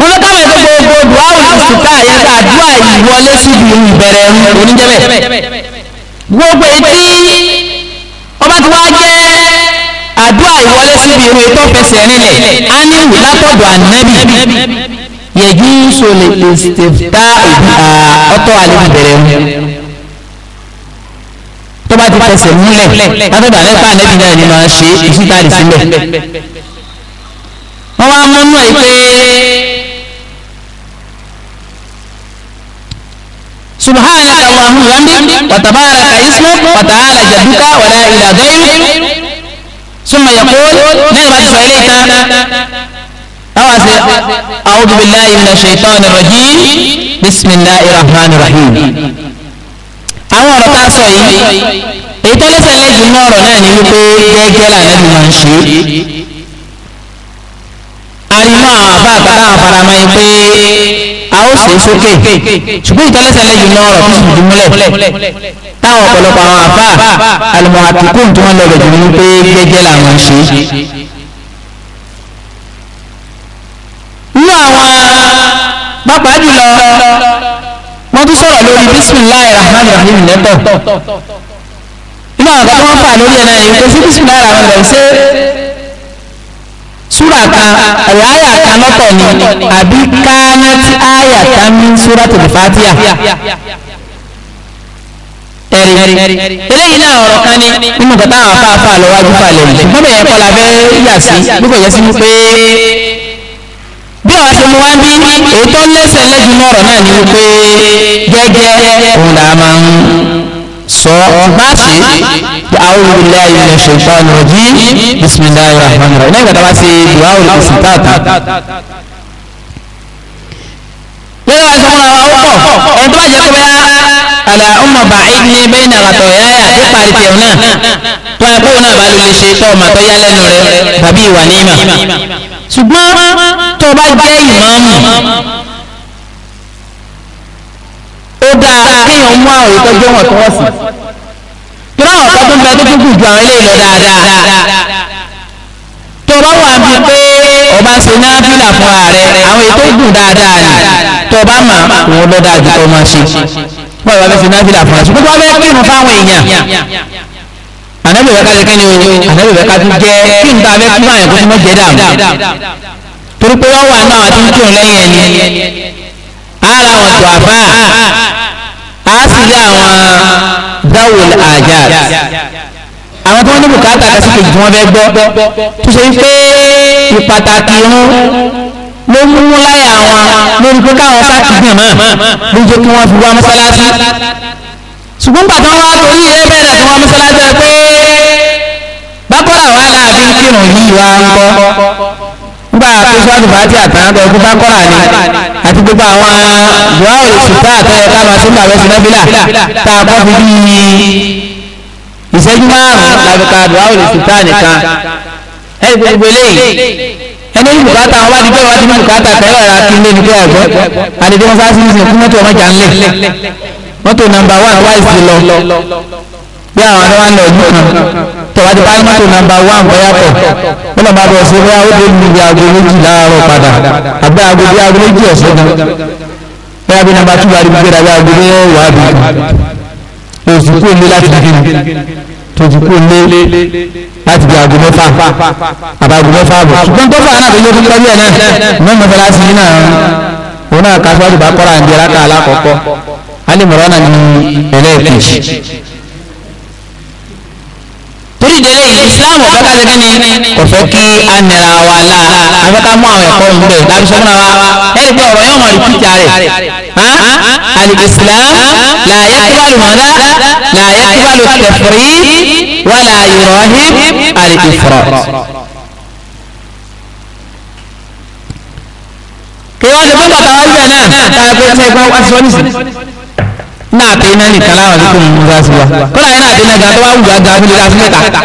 wọ́n lọ káwọn ẹgbẹ́ gbogbo duawu ìsìtà àyẹ̀dá àdúrà ìwọlé síbi ìbẹ̀rẹ̀ oníjẹ́bẹ̀. gbogbo etí ọba tí wàá jẹ́ àdúrà ìwọlé síbi ìwé tó fẹsẹ̀ rinlẹ̀ á ní ìwé látọ̀dọ̀ ànábì yẹjú sọlẹ̀ ìsìtẹ̀fà ọ̀tọ̀ àlejò bẹ̀rẹ̀ wọn tó bá ti fẹsẹ̀ múlẹ̀ látọ̀dọ̀ àlẹ́pà ànábì náà ni máa ṣe ìsúta sílẹ̀ wọ́n wá múnú ẹ̀ pé subhanaka wa bihamdik wa tabaraka isma wa ta'ala jaduka wa la ilaha illa ثم يقول نعم الفعلية أوعسي أعوذ بالله من الشيطان الرجيم بسم الله الرحمن الرحيم àwọn ọ̀rọ̀ tá a sọ yìí èyí tó lẹ́sẹ̀ lẹ́jù ní ọ̀rọ̀ náà ni wípé gẹ́gẹ́ lànàbí máa ń ṣe àyùmọ̀ àwọn àbá àgbàrá àfaramọ́ yìí pé a ó ṣe é sókè ṣùgbọ́n ìtọ́lẹ́sẹ̀ lẹ́jù ní ọ̀rọ̀ tó sì dùn táwọn ọ̀pọ̀lọpọ̀ àwọn àfà àlùmọ̀ àtìkùn tí wọ́n lọ bẹ̀jù ní pé gẹ́gẹ́ làwọn ṣe. nínú àwọn pápá jùlọ wọ́n tún sọ̀rọ̀ lórí bisimilayi rahman rahim lẹ́tọ̀ nínú àwọn kan tó wọ́n fà lórí ẹ̀ náà ni pé sí bisimilayi rahman rahim ṣe súrà kan ọ̀rọ̀ àyà kan lọ́tọ̀ ni àbí káyọ̀ tí àyà kan ní súrà tó lè fàtíà ẹ̀rí eléyìí náà ọ̀rọ̀ kan ní nínú kàtà àwọn afáfá lọ́wájú falẹ̀ yìí mọ́mọ́ yẹn kọ́ la fẹ́ yà sí gbogbo yẹn sí mú pé bí ọ̀rọ̀ ṣe mú wá bí èyí tó lẹ́sẹ̀ lẹ́jùnú ọ̀rọ̀ náà ni wípé gẹ́gẹ́ òun là máa ń sọ má ṣe àwọn olùlẹ̀ ilẹ̀ ṣèǹtọ́ ni ọ̀jí bisimilayi rahman rahim lẹ́yìn kàtà bá ṣe ìwà olùkùsùn táàtà lẹ́yìn wá sọ fún wa ó pọ̀ ẹni tó bá jẹ́ pé bẹ́ẹ̀ àlà ọmọ bàáyé ní bẹ́ẹ̀ náà àtọ̀ yá yà tó parí tẹ̀wọ̀n náà tó ẹ bóun náà bá ló lè ṣe tọ́ ọmọ tó yá lẹ́nu rẹ tàbí ìwà ní ìmà ṣùgbọ́n tó bá jẹ́ ìmáàmù ó dáa kéèyàn mú àwọn ètò ẹgbẹ́ tó wọ́n sí tó náà ọ̀pọ̀ tó ń bẹ tó tún ju àwọn ilé ìlọ dáadáa tó bá wà bíi pé ọba ń ṣe náfìlà fún ààrẹ àwọn ètò gùn dáadáa ni tó bá mà wọn lọ́dà jù tó máa ṣe báwo la fẹ́ ṣe náfìlà fún ẹ̀sùn gbogbo abẹ́ kírun fáwọn èèyàn ànábì rẹ̀ kájẹ kí o ànábì rẹ̀ kájú jẹ́ kí n ta abẹ́ kí fáwọn tí mo jẹ́ dààmú torí pé wọ́n wà náà àti ń kírun lẹ́yìn ẹni ara wọn tó àfà á sì rí àwọn dáwòl àjà àwọn tó wọn ní bùkátà kásìkè jù wọn fẹ́ gbọ́ tó ṣe wípé ìpàtàkì irun ló mú láyà wọn lórí pé káwọn sáàkì gbọ̀n mọ́ ló jẹ́ kí wọ́n fi wá mọ́sálásí ṣùgbọ́n gbàtà wá torí ẹ bẹ̀rẹ̀ kí wọ́n mọ́sálásí ẹ pé bákọ́rà wà láàbí kírun yìí wá ń bọ́ nígbà tó ṣáàdù bá ti àtàn bẹ fún bákọ́rà ni àti gbogbo àwọn dùá òṣùpá àtẹ̀yẹ káwọn sí bàbá sí nọ́bílà tá a kọ́ fi bí ìṣẹ́jú márùn-ún làbùkà dùá òṣùpá nìkan ẹ̀ gbogbo eléyìí ẹni ní bùkátà àwọn adìgbẹ́ wa ti ní bùkátà kẹ́wà ra kí ilé nígbẹ́ ẹ̀gbọ́ adìgbẹ́ wọn sáà sí ìsìn fún mọ́tò ọmọjà ńlẹ̀ mọ́tò nàmbà wà wá ìsìn lọ bí àwọn ọ̀dọ́ wa ń lọ ọdún kan tọ́wá ti bá mọ́tò nàmbà wà ń bọ́yá pọ̀ wọ́n lọ́ọ́ bá bọ̀ sí bóyá ó dé ní ibi aago méjì láàárọ̀ padà àbí aago bí aago méjì ọ̀sẹ̀ gan bóyá bí nàmbà túbọ̀ àdìgbẹ́ tó ti kú lé láti bí aago mẹ́fà àbáago mẹ́fà bọ̀ ṣùgbọ́n tó fàánà tó yẹ fún tọ́jú ẹ̀ náà mọ́ mọ́sálásí yìí náà òun náà kásíwájú bá kọ́ra àǹdí ẹ̀ráka alákọ̀ọ́kọ́ alẹ́ mọ̀rán náà ní ẹlẹ́ẹ̀kejì. islam ọ̀fẹ́ ká ṣe kí ni kò fẹ́ kí a nira wa la àfẹ́ ká mú àwọn ẹ̀kọ́ ń bẹ̀ láti sọ fúnra wa ẹni pé ọ̀rọ̀ yóò mọ̀ rí píjà rẹ̀ alìsìlám làyẹ̀ kíbalù mọ̀dá làyẹ̀ kíbalù tẹ̀fùrí wàlà yìrọ̀hìm alìsìrọ̀. kí wọ́n ṣe fún bàtà wá náà táyà pé ṣe ìpá aṣọ nísìnyí náà tẹ iná nìkan láwọn àti kò mú un sí wa kó láyé náà tẹ iná gan tó bá wù gàgà fún mi ká sí mẹ́ta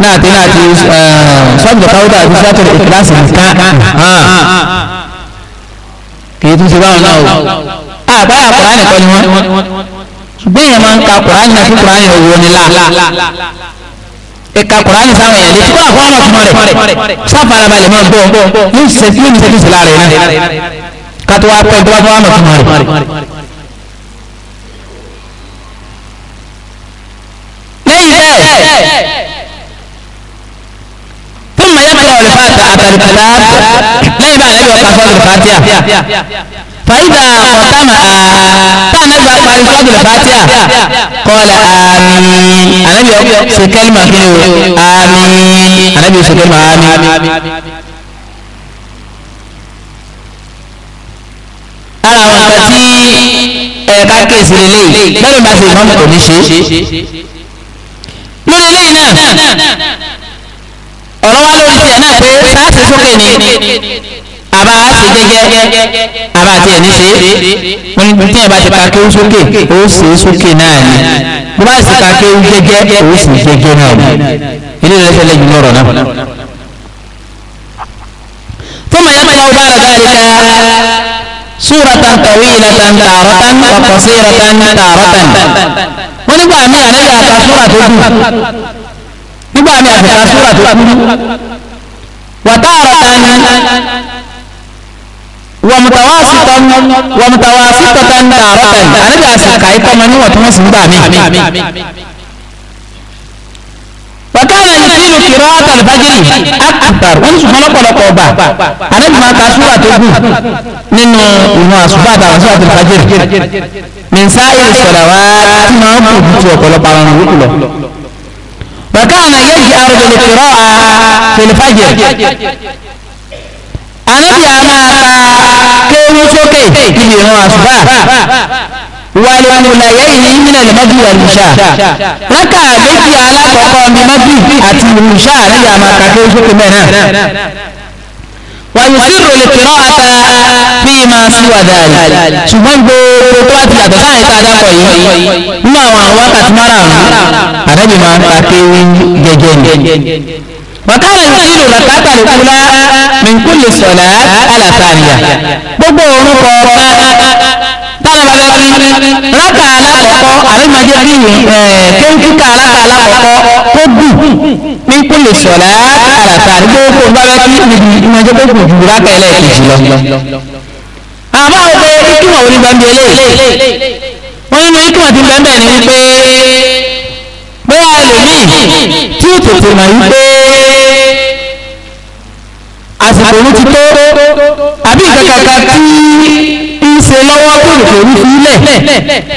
náà tí náà ti sọ́ọ̀tù káwọ́tà àti sọ́ọ̀tù ìkíláàsì nìkan kì í tún ṣe báwọn náà o àbáyà kùránì kọ́ ni wọ́n ṣùgbọ́n èèyàn máa ń ka kùránì náà fún kùránì òwò ni láà ìka kùránì sáwọn èèyàn létí kúrò àwọn ọmọ tìmọ̀ rẹ̀ sáfarabalẹ̀ máa ń bọ̀ yóò ṣe kí ló ń ṣe kí ṣe láàrin náà kátó wá pẹ́ tó bá tó wá mọ̀ tó mọ̀ yẹ́pọ̀ olùfàtà àtàlùkàlà lẹ́yìn bá àlẹ́bí ọkà sọ́ọ̀lù fàtíà fàyídà kọ̀tàmà táàmì bá parí sọ́ọ̀lù fàtíà kọ́lẹ̀ àmín àlẹ́bí ọkọ̀ sèkẹ́lìmà kí ni o àmín àlẹ́bí sèkẹ́lìmà àmín. ara àwọn nǹkan tí ẹ̀ka kéèsì lélẹ́yìn lẹ́yìn bá ṣe ìmọ̀mù kò ní ṣe é ọ̀rọ̀ wa lórí tiẹ̀ náà pé sáàsì sókè ni àbá ṣe gẹ́gẹ́ àbá tiẹ̀ ní ṣe wọ́n ní tí yẹn bá ti ka kéwú sókè ó ṣe é sókè náà ni bó bá ṣe ka kéwú gẹ́gẹ́ ó ṣe gẹ́gẹ́ náà ni ilé rẹ̀ ṣẹlẹ̀ jù lọ́rọ̀ náà. ثم يطلع بعد ذلك سورة طويلة تارة وقصيرة تارة wọ́n nígbà míì àlejò nígbà mi àtẹ̀ká sóra tó kúrú wàtàrà tani wàmùtàwásítọ̀ wàmùtàwásítọ̀ tani tààrọ̀ tani àníbi àsìkà ikọ̀ ọmọ níwọ̀n tó wọ́n sì ń gbà mí. wàkàrà yìí kí ló kìrọ́ àtàlùfájìrì akbar wọ́n sùn fún ọ̀pọ̀lọpọ̀ ọba àníbi máa ka sóra tó kù nínú ìwọ̀n àsùnfà àtàwọn sóra àtàlùfájìrì mẹ́nsáyé sọ̀rọ̀ wá tí máa ń kù ju ọ̀pọ̀lọpọ̀ àwọn ìwé وكان يجهر بالقراءة في الفجر anabi ama ka kéwú sókè níbi ìran àsùbá wàlúwàlúwàlá yẹ́yìn nínú ẹ̀lẹ́mọ́bí wàlúṣà rákà méjì alákọ̀ọ́kọ́ mi mọ́bí àti ìrùṣà anabi ama ka kéwú sókè mẹ́rin ويسر القراءة فيما سوى ذلك ṣùgbọ́n gbogbo tó àti yàtọ̀ sáà ìta àdàpọ̀ yìí nínú àwọn àwọn wákàtí márààrún àrẹ́bì máa ń ta pé gẹ́gẹ́ ni. وكان يطيل ركعة الأولى من كل صلاة على ثانية gbogbo òun kọ̀ọ̀kan táwọn bàbá kí rákà alákọ̀ọ́kọ́ àrẹ́bì máa jẹ́ bí kéńkíkà rákà alákọ̀ọ́kọ́ tó gùn ní kó lè sọ̀rọ̀ àràfà ní gbogbo kó bá bá kí níbi ìmọ̀jọ́ tó kù jù rákà ẹlẹ́ẹ̀kejì lọ. àbá ọgbẹ ikíwọ̀n orí bá ń bi eléyìí wọ́n nínú ikíwọ̀n ti bẹ́ẹ̀ bẹ́ẹ̀ ni wípé bóyá ẹlòmíì tí ó tètè mọ̀ wípé àsìkò òun ti tó àbí nǹkan kankan tí ṣe lọ́wọ́ tó rò pé orí fi ilẹ̀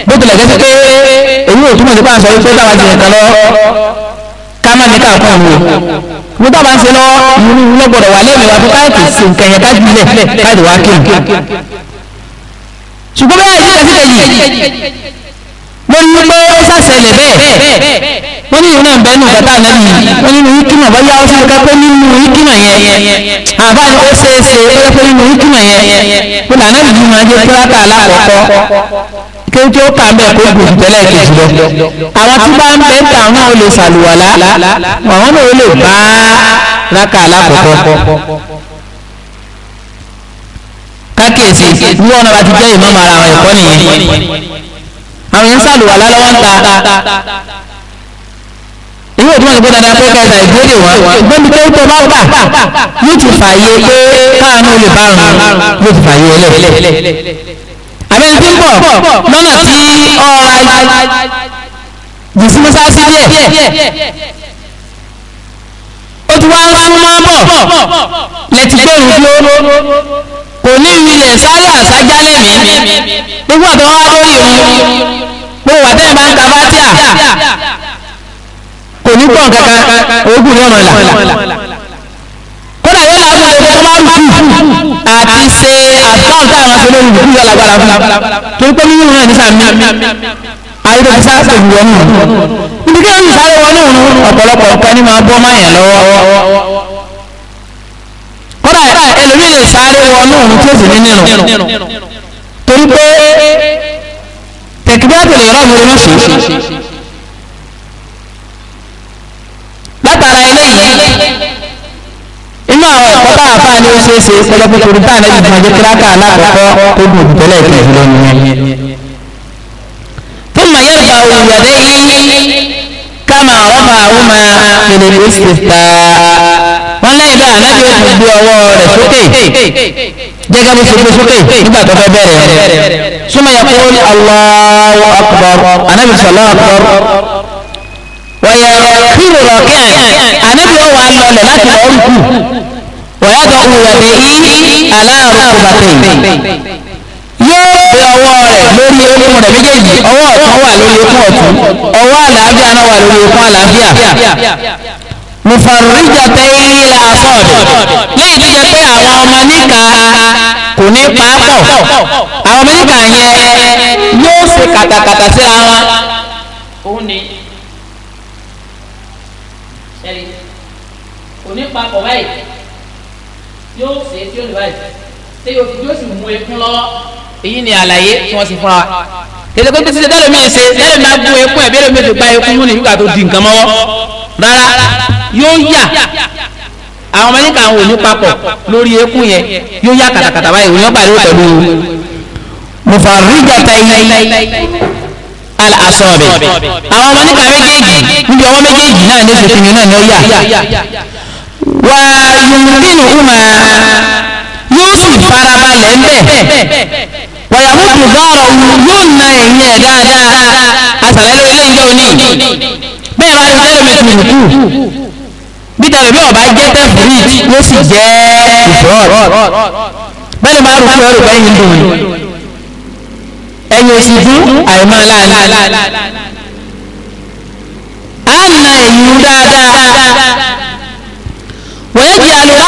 bó tilẹ̀ jẹ́ sí pé èyí ò túmọ̀ sí pé à ń sọ wípé báwa ti nǹkan lọ ká má ní káàkó àwọn o mo dábàá ń ṣe lọ́wọ́ ìlú lọ́gbọ̀dọ̀ wà lẹ́mìí wa fún káyọ̀tì sí nǹkan yẹn kájú lẹ̀ káyọ̀tì wá kí n. ṣùgbọ́n bẹ́ẹ̀ yìí kẹ́sí kejì mo ní pé ó ṣàṣẹlẹ̀ bẹ́ẹ̀ wọ́n ní ìrìnà ìbẹ́nu bàtà nàbì wọ́n nínú ìkìnà bọ́yá ó sì ká pé nínú ìkìnà yẹn àbá ni ó ṣeé ṣe ó yẹ pé nínú ìkìnà yẹn kó lànà kéńké ó kà ń bẹ̀ kó gùn tẹ́lẹ̀ kejì lọ. àwọn tí bá ń bẹ́ ń ta àwọn ò lè ṣàlùwàlá àwọn náà ó lè bá rákà alákọ̀ọ́kọ́. kákìyèsí bí wọn bá ti jẹ́ ìmọ̀mọ̀ ara àwọn ẹ̀kọ́ nìyẹn àwọn yẹn ń ṣàlùwàlá lọ́wọ́ ń ta ìwé òtún àgbẹ̀ dada pé ká ẹ̀sà ìdúró dè wọ́n gbẹ́mi tó ń tó bá gbà yóò ti fààyè pé káàánú lè bá àrùn yóò ti fààyè ẹlẹ́ ti ń bọ̀ lọ́nà tí ọ̀rọ̀ jùsí mọ́sáàsì díẹ̀ ó ti wá ń sún mọ́ bọ̀ lẹ́tí gbẹ̀rù dúró kò ní ìwilẹ̀ sáré àsájálẹ̀ mi gbogbo àtọ́ wá lórí òun mo wà tẹ́ bá ń ka bá tíà kò ní pọ̀ kankan oògùn ní ọ̀nà ìlà kódà yóò làwọn máa ṣe kọ́márù kù àti ṣe àtọ́n tá àwọn aṣọ lórí ìdílé alágbára fún un tó ń pẹ́ nínú náà ní sàmì ayélujára ti sáà tẹ̀lé wọnú ibi kí ẹ̀rù sáré wọnú ọ̀pọ̀lọpọ̀ nǹkan ní máa bọ́ máyàn lọ́wọ́ kódà ẹlòmíì lè sáré wọnú òun tó sì ní nínú torí pé tẹ̀kíbíàtì lè rọ́ọ̀mù ló ń ṣe látara ẹ àfa ni ó ṣeé ṣe pẹlẹpẹ torí tá àlẹ́ ìgbìmọ̀ jẹ́ kíláàkà alákọ̀ọ́kọ́ tó gùn tẹ́lẹ̀ kejì lọ nìyẹn. ثم يرفع يديه كما رفعهما من الاستفتاء wọ́n lẹ́yìn bá ànábì ó ti gbé ọwọ́ rẹ̀ sókè gẹ́gẹ́ bó ṣe gbé sókè nígbà tó fẹ́ bẹ̀rẹ̀ rẹ̀ súnmọ́ yẹ kó ní Allahu akbar ànábì sọ̀lá akbar wọ́n yẹ kí ló rọ̀ kí ànábì láti lọ́ọ́ wọ̀yàdọ̀ òwúrẹ̀ ní aláàrùn kọbàtẹ̀ yóò gbé ọwọ́ rẹ̀ lórí okun rẹ̀ méjèèjì ọwọ́ ọ̀tún wà lórí okun ọ̀tún ọwọ́ àlàáfíà náà wà lórí okun àlàáfíà mufarija tẹ́yìn ilẹ̀ asọ́ọ̀dù lẹ́yìn tó jẹ́ pé àwọn ọmọ níka kò ní pàápọ̀ àwọn ọmọ níka yẹn yóò ṣe kàtàkàtà síra wọn. òun báyìí yóò ṣe tí ó lè báyìí ṣé yóò fi yóò sì mú ekun lọ́wọ́. èyí ni àlàyé tí wọ́n sì fún wa kèsì pé títí tẹ́lẹ̀ mi ṣe tẹ́lẹ̀ máa gún ekun ẹ̀ bẹ́ẹ̀ mi ti gba ekun mú ni nígbà tó di nǹkan mọ́wọ́ rárá yóò yà àwọn ọmọ nípa àwọn òní papọ̀ lórí ekun yẹn yóò yà kàtàkàtà báyìí òní ọ̀pá ìlú pẹ̀lú mufarijata ilẹ̀ al-asabi àwọn ọmọ nípa méjèèjì níbi ọwọ́ méjèèjì náà ní oṣù kìnìún náà ni ó yà wà yùmùkínú ùmà yóò sì farabalẹ̀ ńbẹ̀ wàyàwó dùbọ̀rọ̀ yóò na ẹ̀yìn ẹ̀ dáadáa àtàlẹ́ lórí ilé ìjọ òní bẹ́ẹ̀ bá rí tẹ́lẹ̀ mi kùrùkù bí tẹ̀lẹ̀ bí ọba jẹ́ tẹ́fùrí yóò sì jẹ́ ìfọ́ọ̀rọ̀ bẹ́ẹ̀ máa rúkú ẹrù bẹ́yìn dùn ẹ̀yìn òsì dún àìmọ́ láàlá á na ẹ̀yìn dáadáa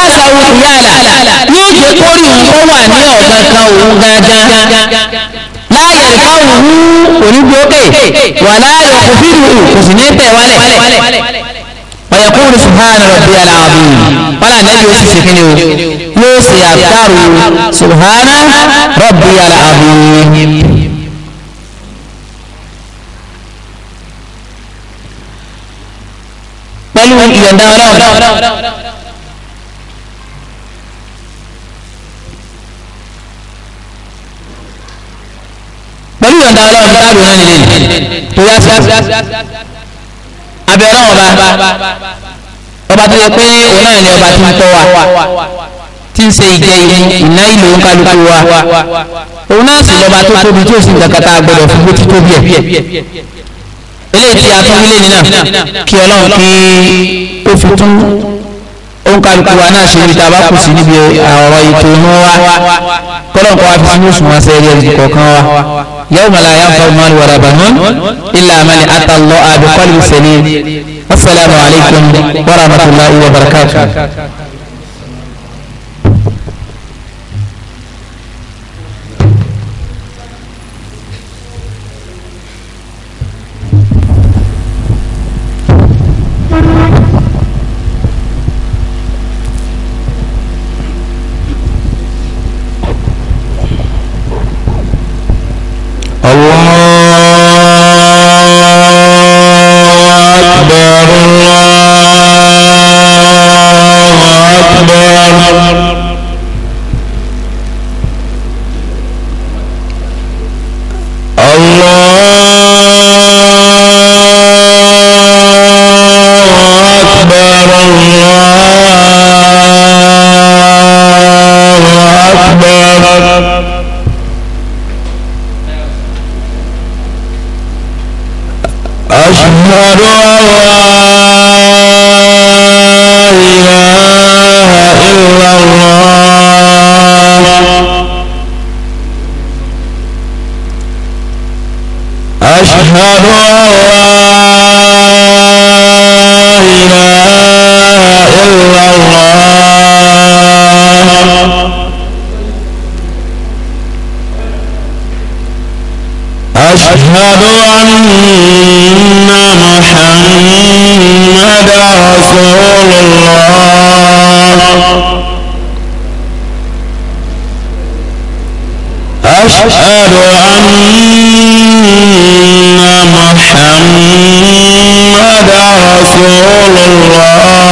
sáwù yàrá yóò jẹ́ kórì òun kó wà ní ọ̀gán kan òun gángan láàyè káwù onígbòkè wà láàyè òkùnfìrù kò sì ní tẹ̀ wálẹ̀ ọ̀yẹ̀kùnrin subhana rabbi alaabi wọ́n ànábi ó sì ṣe kí ni o yóò ṣe àbúrò subhana rabbi alaabi. pẹ̀lú ìyọ̀ǹda ọlọ́run. ọba ọlọ́run dáàbò náà nílé tó yá sí abẹ́rẹ́ ọba ọba tó yẹ pé òun náà ni ọba tí ń tọ́ wa tí ń ṣe ìjẹ ìná ìlò ńkálukú wa òun náà sì lọ́ba tó tóbi tí ó sì ń dàkátà gbọdọ̀ fún bó ti tóbi ẹ̀ eléyìí tí a tún wílé nínà kí ọlọ́run kí ó fi tún òǹkàlùkù wa náà ṣe níta bá kù sí níbi ọ̀rọ̀ ètò inú wa kọ́lọ́ǹkọ́ wa fi sínú òṣùwọ̀n sẹ́yẹ́ ẹ̀rí kọ̀ọ̀kan wa. يوم لا ينفع مال ولا بنون إلا من أتى الله بقلب سليم والسلام عليكم ورحمة الله وبركاته أشهد أن لا إله إلا الله أشهد أن محمد رسول الله أشهد أن محمد رسول الله